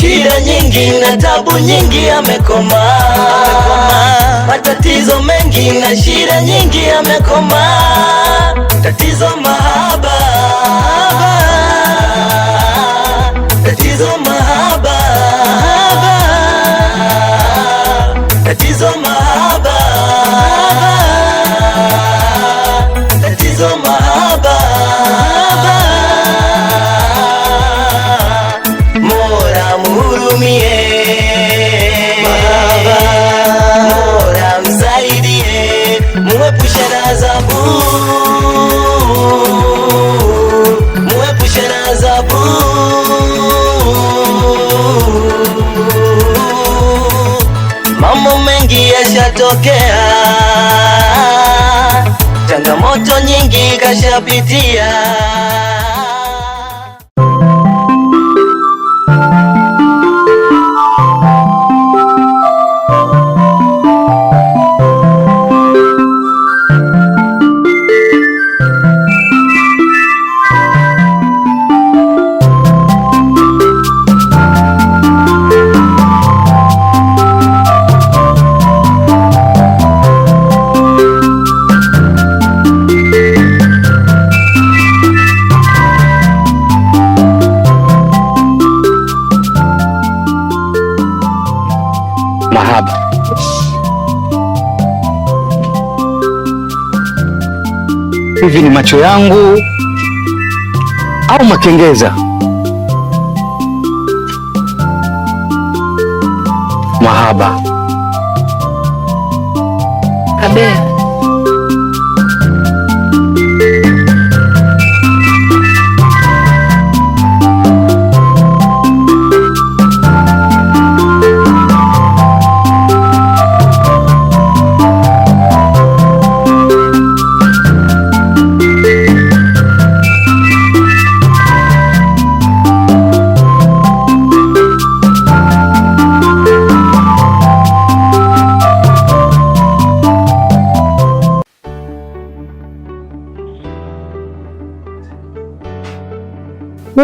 Shida nyingi na tabu nyingi amekoma, matatizo mengi na shida nyingi amekoma, tatizo mahaba, tatizo mahaba, tatizo mahaba. kutokea, changamoto nyingi kashapitia. hivi ni macho yangu au makengeza? Mahaba Kabea.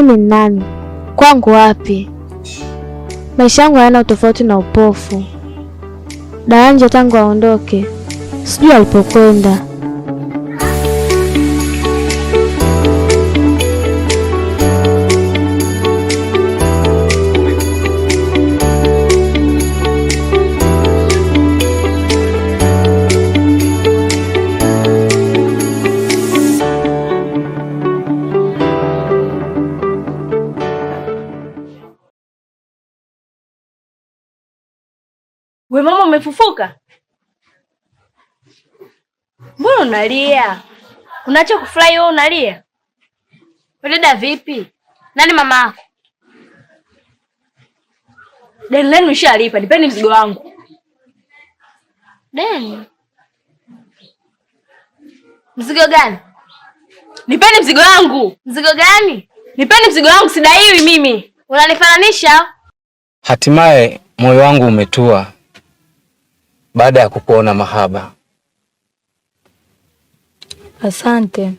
mimi ni nani? Kwangu wapi? Maisha yangu hayana utofauti na upofu. Daanja tangu aondoke, sijui alipokwenda. We mama, umefufuka? Mbona unalia? Unacho kufurahi wewe unalia? We dada, vipi? Nani mama yako? Deni lenu nishalipa, nipeni mzigo wangu. Deni mzigo gani? Nipeni mzigo wangu. Mzigo gani? Nipeni mzigo wangu, sidaiwi mimi. Unanifananisha? Hatimaye moyo wangu umetua baada ya kukuona mahaba. Asante,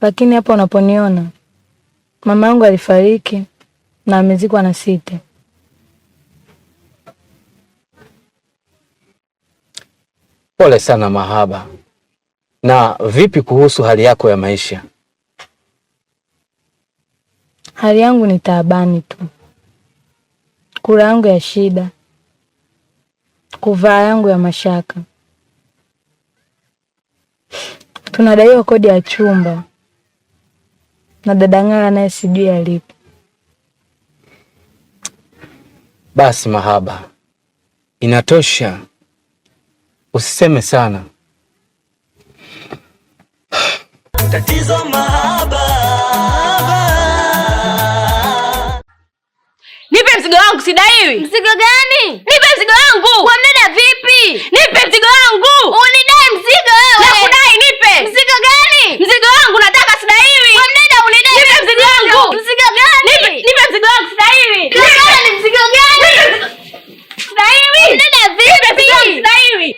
lakini hapo unaponiona mama yangu alifariki na amezikwa na Site. Pole sana mahaba. Na vipi kuhusu hali yako ya maisha? Hali yangu ni taabani tu, kura yangu ya shida kuvaa yangu ya mashaka. Tunadaiwa kodi ya chumba na dada Ng'ara naye sijui alipo. Basi mahaba, inatosha, usiseme sana. Tatizo mahaba mzigo wangu, sidaiwi. Mzigo gani? Nipe mzigo wangu. Kwa mdada vipi? Nipe mzigo wangu. Unidai mzigo wewe. Na kudai nipe. Mzigo gani? Mzigo wangu nataka, sidaiwi. Kwa mdada unidai. Nipe mzigo wangu. Mzigo gani? Nipe, nipe mzigo wangu, sidaiwi. Kwa ni mzigo gani? Sidaiwi. Mdada vipi? Sidaiwi.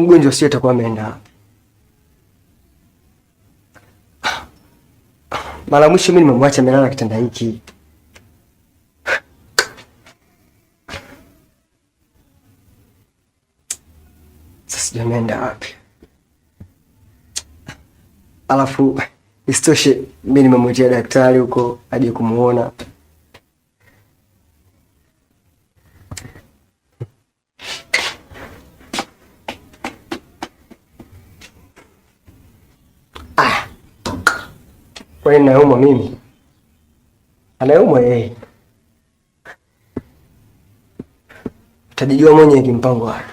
mgonjwa sio atakuwa ameenda. Mara mwisho mimi nimemwacha amelala kitanda hiki. Sasa sijui ameenda wapi. Alafu isitoshe mimi nimemwitia daktari huko aje kumuona. Kwani naumwa mimi? Anaumwa yeye, utajijua mwenye kimpango wake.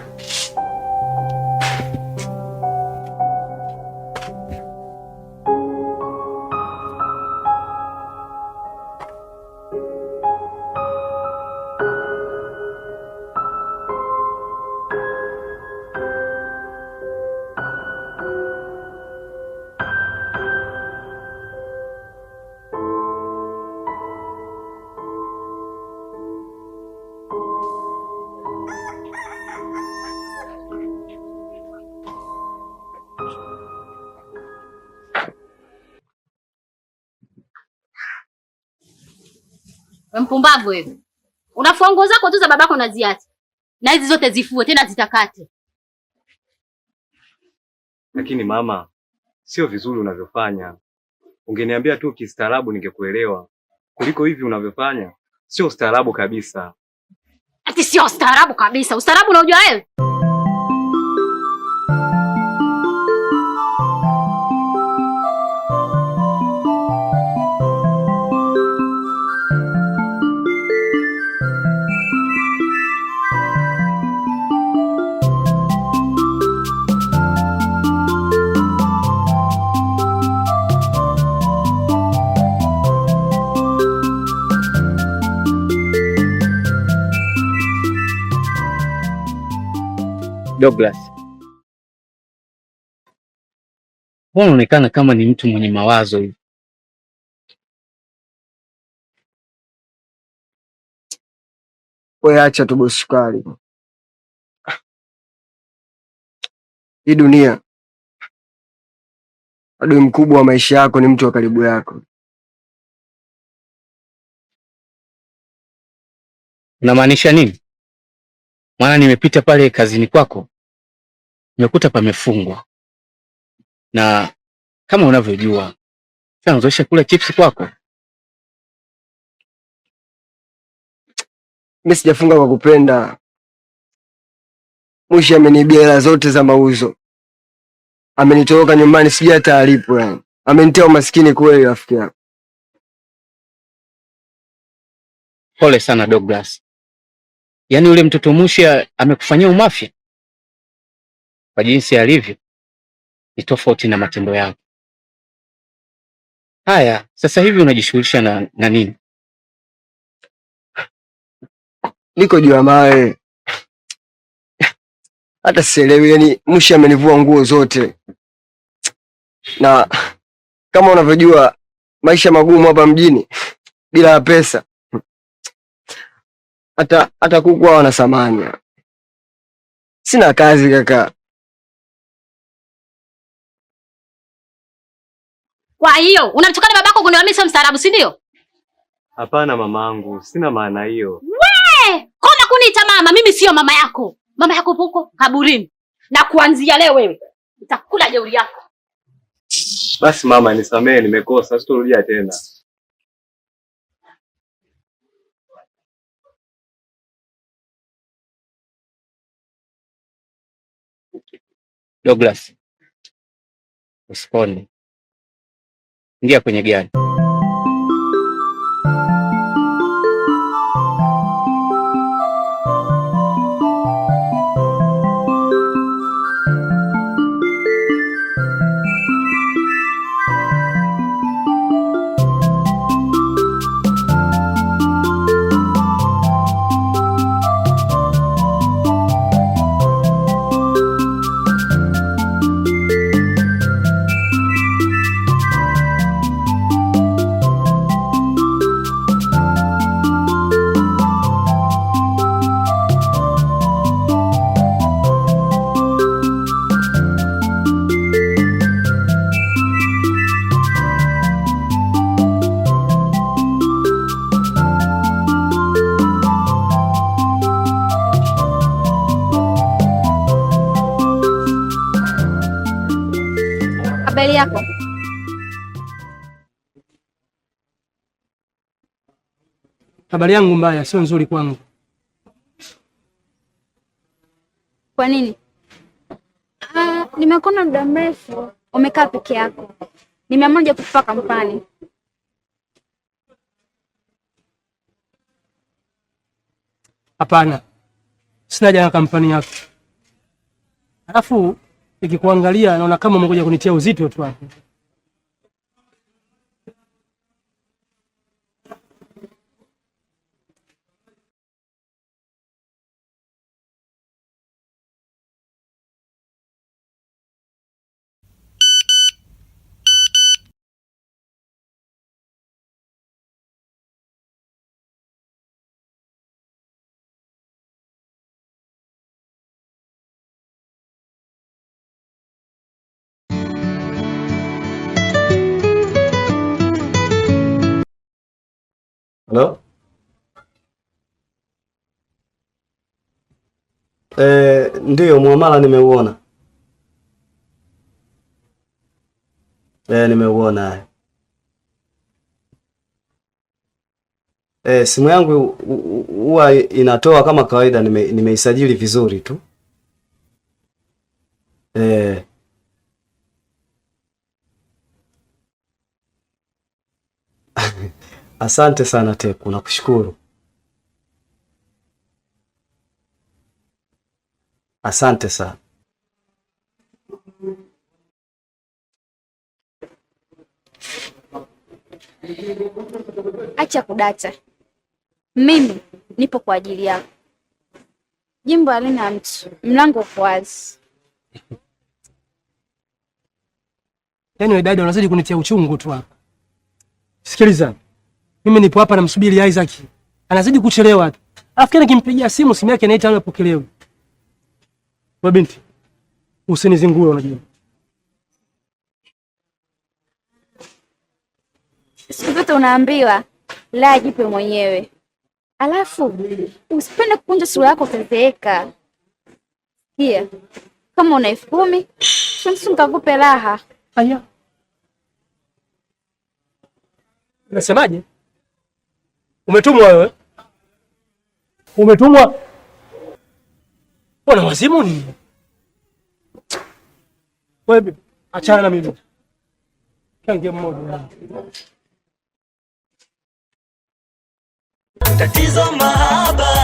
Mpumbavu wewe. Unafua nguo zako tu za babako ziache. Na hizi zote zifue tena zitakate. Lakini mama, sio vizuri unavyofanya. Ungeniambia tu kistaarabu ningekuelewa. Kuliko hivi unavyofanya, sio ustaarabu kabisa. Ati sio ustaarabu kabisa. Ustaarabu unaujua wewe? Douglas, mbona unaonekana kama ni mtu mwenye mawazo hivi? We acha tu bosi sukari, hii dunia adui mkubwa wa maisha yako ni mtu wa karibu yako. Unamaanisha nini? Maana nimepita pale kazini kwako Nimekuta pamefungwa na kama unavyojua nazoesha kula chips kwako. Mimi sijafunga kwa kupenda. mushi ameniibia hela zote za mauzo, amenitoroka nyumbani, sijui hata alipo. Yani amenitia umaskini kweli. Rafiki yangu. pole sana Douglas. Yaani yule mtoto Mushi amekufanyia umafia? kwa jinsi alivyo ni tofauti na matendo yako. Haya, sasa hivi unajishughulisha na, na nini? Niko juu ya mawe hata sielewi. Yani mshi amenivua nguo zote, na kama unavyojua maisha magumu hapa mjini bila ya pesa, hata hata kuku hawana samani. Sina kazi kaka, Kwa hiyo unamtukana babako kuniambia sio mstaarabu, si ndio? Hapana mamangu, sina maana hiyo. We, kona kuniita mama, mimi siyo mama yako. Mama yako huko kaburini. Na kuanzia leo wewe utakula jeuri yako. Basi mama, nisamehe, nimekosa, sitorudia tena. Douglas, usikone Ingia kwenye gari. habari yangu mbaya, sio nzuri kwangu. Kwa nini? Ah, nimekuona muda mrefu umekaa peke yako, nimeamua nje kutoka kampani. Hapana, sina haja na kampani yako. Alafu ikikuangalia naona kama umekuja kunitia uzito tu hapo. No? Eh, ndiyo muamala nimeuona. Eh, nimeuona. Eh, simu yangu huwa inatoa kama kawaida, nimeisajili nime vizuri tu. eh. Asante sana Teku, nakushukuru. Asante sana. Acha kudata, mimi nipo kwa ajili yako. Jimbo halina mtu, mlango uko wazi. Yaani wewe dada, unazidi kunitia uchungu tu hapa. Sikiliza mimi nipo hapa namsubiri Isaac, anazidi kuchelewa tu. Afikiri nikimpigia simu simu yake inaita anapokelewi. Wewe binti, usinizingue unajua. Siku zote unaambiwa la jipe mwenyewe, alafu usipende kukunja sura yako ukazeeka. Pia kama una elfu kumi nikakupe raha. Aya, unasemaje? Umetumwa wewe? Umetumwa? Bwana wazimu ni. Wewe achana na mimi. Kangia mmoja. Tatizo mahaba.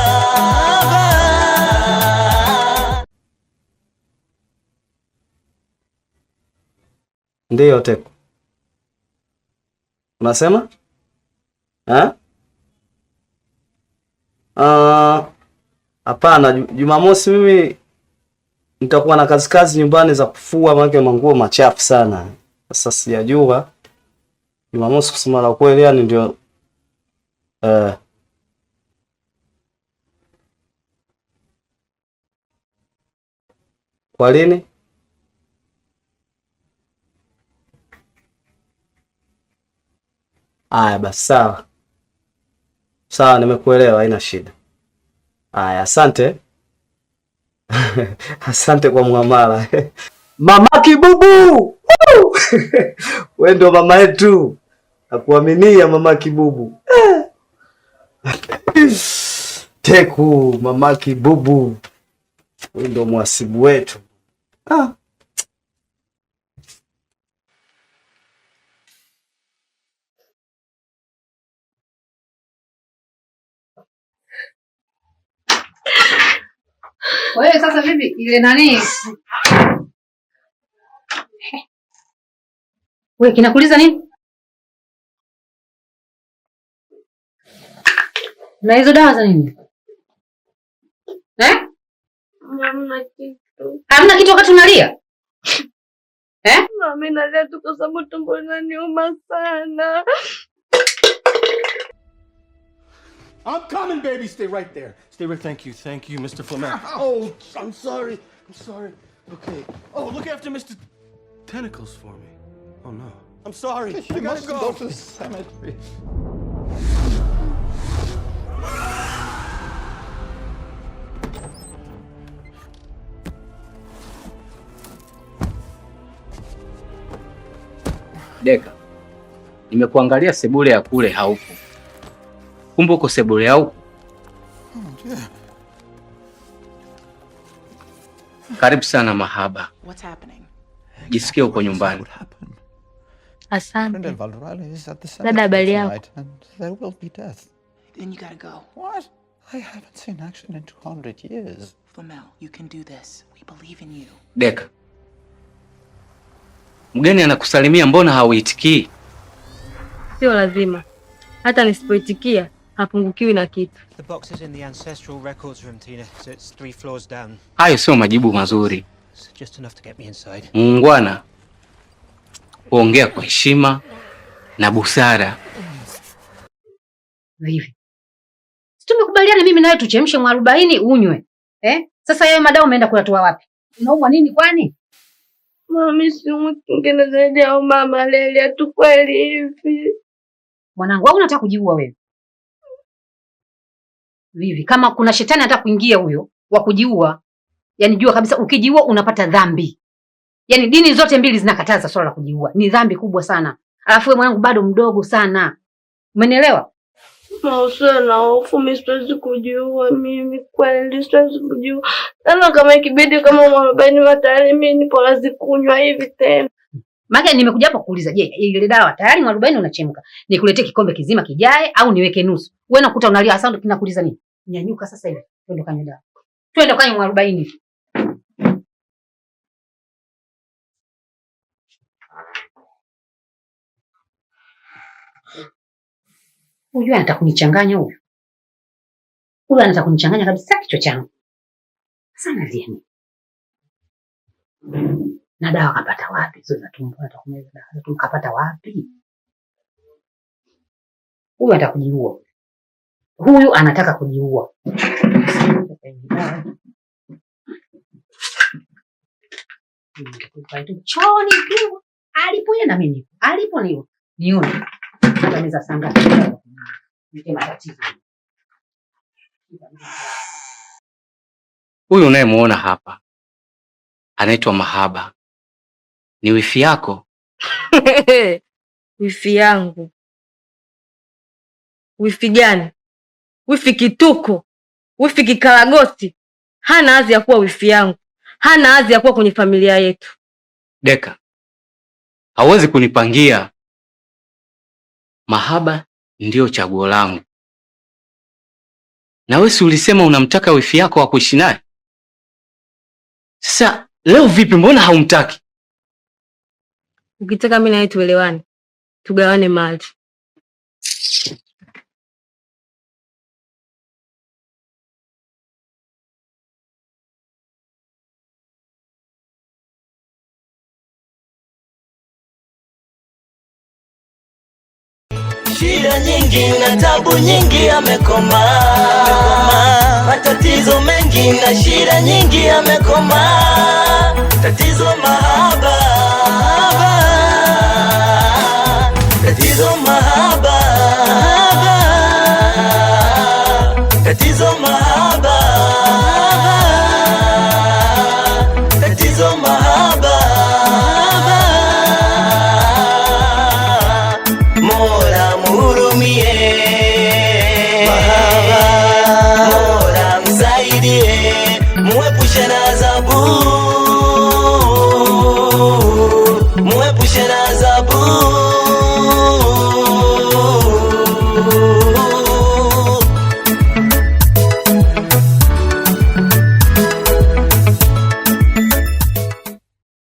Ndiyo Teko. Unasema? Ha? Ah, hapana, uh, Jumamosi mimi nitakuwa na kazi kazi nyumbani za kufua, maana manguo machafu sana. Sasa sijajua Jumamosi, kusema la kweli, yani ndio uh, kwa lini aya, basi sawa. Sawa, nimekuelewa, haina shida. Aya, asante asante kwa mwamala Mama Kibubu we ndo mama yetu, nakuaminia Mama Kibubu teku Mama Kibubu we ndo mwasibu wetu ah. hiyo sasa mimi ile nani? Wewe kinakuuliza nini? Na hizo dawa za nini? Eh? Hamna kitu. Hamna kitu wakati unalia? Eh? Mama, nalia tu kwa sababu tumbo linaniuma sana. I'm coming, baby. Stay right there. Stay right. Thank you. Thank you, Mr. Flamel. Oh, I'm sorry. I'm sorry. Okay. Oh, look after Mr. Tentacles for me. Oh no. I'm sorry. You I must go. go to the cemetery. Deka, nimekuangalia sebule ya kule haupo kumbe uko sebule au? Karibu sana mahaba. Jisikia uko nyumbani. Asante. Dada, habari yako? Then you gotta go. What? I haven't seen action in 200 years. you can do this. We believe in you. Deka. Mgeni anakusalimia mbona hauitikii? Sio lazima. Hata nisipoitikia hapungukiwi na kitu. Hayo sio majibu mazuri. Muungwana huongea kwa heshima na busara. Vivi, si tumekubaliana mimi nawe tuchemshe mwarobaini unywe eh? Sasa yeye madawa umeenda kuyatoa wapi? Unaumwa nini kwani? Mami, siumwi kingine zaidi ya mama Lelia tu kweli hivi. Mwanangu, au unataka kujiua wewe? Vivi, kama kuna shetani anataka kuingia huyo wa kujiua, yani jua kabisa ukijiua unapata dhambi. Yani dini zote mbili zinakataza swala la kujiua, ni dhambi kubwa sana. Alafu wewe mwanangu bado mdogo sana, umenielewa? Mausia na hofu, mi siwezi kujiua. Mimi kweli siwezi kujiua sana, kama ikibidi, kama mwarobaini matayari mi nipo lazikunywa hivi tena maana nimekuja hapa kuuliza, je, ile dawa tayari mwarobaini unachemka. Nikuletee kikombe kizima kijae au niweke nusu? Wewe unakuta unalia hasa ndio kinakuuliza nini? Nyanyuka sasa hivi. Twende kanywe dawa. Twende kanywe mwarobaini. Huyu anataka kunichanganya huyu. Huyu anataka kunichanganya kabisa kichwa changu. Sana ndiye na dawa kapata wapi Sio za tumbo? Atakumeza dawa za tumbo kapata wapi? Huyu atakujiua, huyu anataka kujiua. Choni Chooni alipo yeye na mimi alipo niwa nione atameza sanga huyu unayemuona hapa anaitwa Mahaba ni wifi yako? Wifi yangu. Wifi gani? Wifi kituko, wifi kikaragosi. Hana hadhi ya kuwa wifi yangu, hana hadhi ya kuwa kwenye familia yetu. Deka, hauwezi kunipangia. Mahaba ndiyo chaguo langu. Na wewe si ulisema unamtaka wifi yako wa kuishi naye? Sasa leo vipi, mbona haumtaki? Ukitaka mi nawe tuelewane, tugawane mali. Shida nyingi na tabu nyingi amekoma, matatizo mengi na shida nyingi amekoma, tatizo mahaba